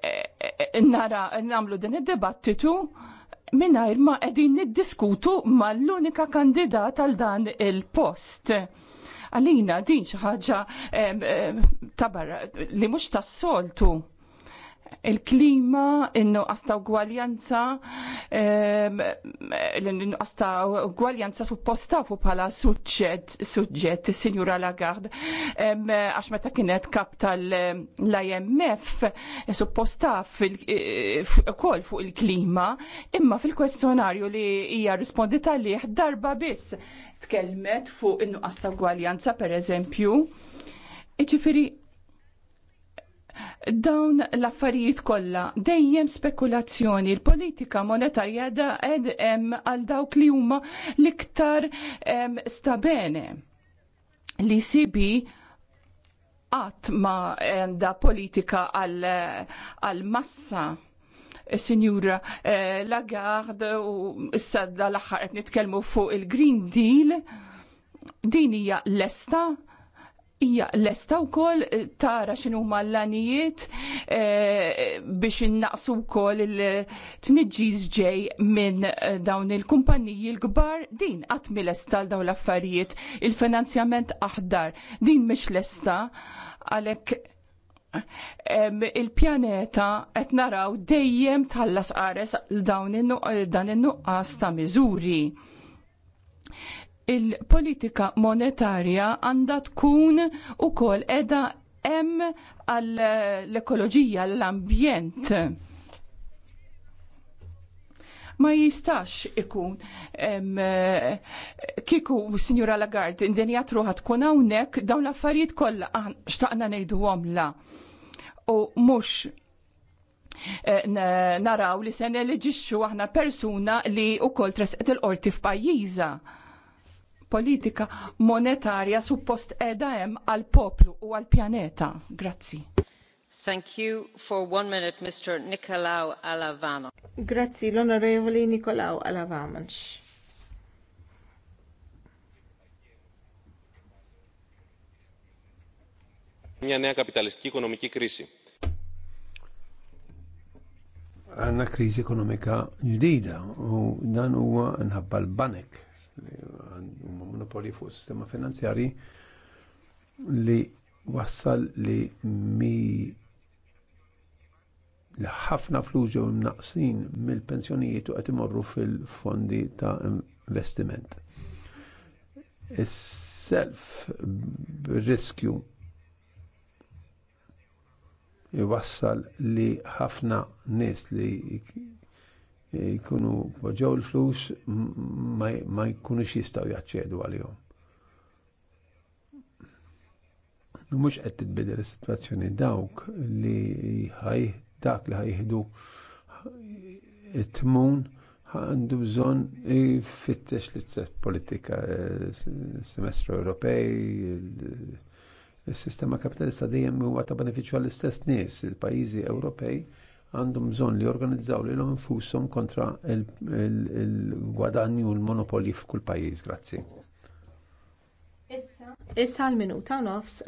eh, nara namlu din id-debattitu minnajr ma qegħdin niddiskutu mal-unika kandidat għal dan il-post. Għalina din xi ħaġa tabar li mhux tas-soltu il-klima, in-nuqqas ta' ugwaljanza, ehm, in-nuqqas ugwaljanza supposta fu pala suġġett, signora Lagarde, ehm, għax meta kienet kap tal-IMF, suppostaf e, kol fuq il-klima, imma fil-kwestjonarju li hija tal-liħ darba biss tkellmet fuq in għasta ta' ugwaljanza, per eżempju, Ġifiri, dawn l-affarijiet kollha dejjem spekulazzjoni l-politika monetarja da hemm għal dawk li huma l-iktar stabene li sibi qatt ma da politika għal massa e, Sinjura eh, Lagarde u issa l-aħħar qed nitkellmu fuq il-Green Deal din hija lesta hija lesta wkoll eh, tara x'inhu l-lanijiet eh, biex innaqsu wkoll il-tniġġis ġej minn eh, dawn il-kumpaniji l-kbar din qatt esta l dawn l-affarijiet il-finanzjament aħdar din mhix lesta għalhekk il-pjaneta qed naraw dejjem tal-lasqares dan in-nuqqas ta' miżuri il-politika monetarja għandha tkun ukoll edha hemm għall-ekoloġija, l-ambjent ma jistax ikun em, kiku Signora Lagarde indenja truħa tkun hawnhekk dawn l-affarijiet kollha xtaqna ngħiduhom la u mhux eh, naraw li se neleġixxu aħna persuna li wkoll tresqet il-qorti f'pajjiża politika monetarja suppost qiegħda hemm għal poplu u għal pjaneta. Grazzi. Thank you for one minute, Mr. Nicolau Alavano. Grazzi l-Onorevoli Nicolau Alavamans. μια νέα καπιταλιστική οικονομική κρίση. Ανακρίση οικονομικά ekonomika Ο u dan huwa huma monopoli fuq sistema finanzjari li wassal li mi li ħafna flus ġew naqsin mill-pensjonijiet u qed imorru fil-fondi ta' investiment. Is-self riskju jwassal li ħafna nies li E jkunu ġew l-flus ma jkunux jistgħu jaċċedu għalihom. Mhux qed titbidel is-sitwazzjoni dawk li ħaj dak li ħajħdu it-tmun għandu bżon jfittex li t politika, e, semestru Ewropej, il-sistema kapitalista dejjem huwa ta' beneficju għall-istess nies, il-pajjiżi Ewropej għandhom bżonn li jorganizzaw lilhom infushom kontra il-gwadanju u l-monopoli f'kull pajjiż. Grazzi. Issa l-minuta nofs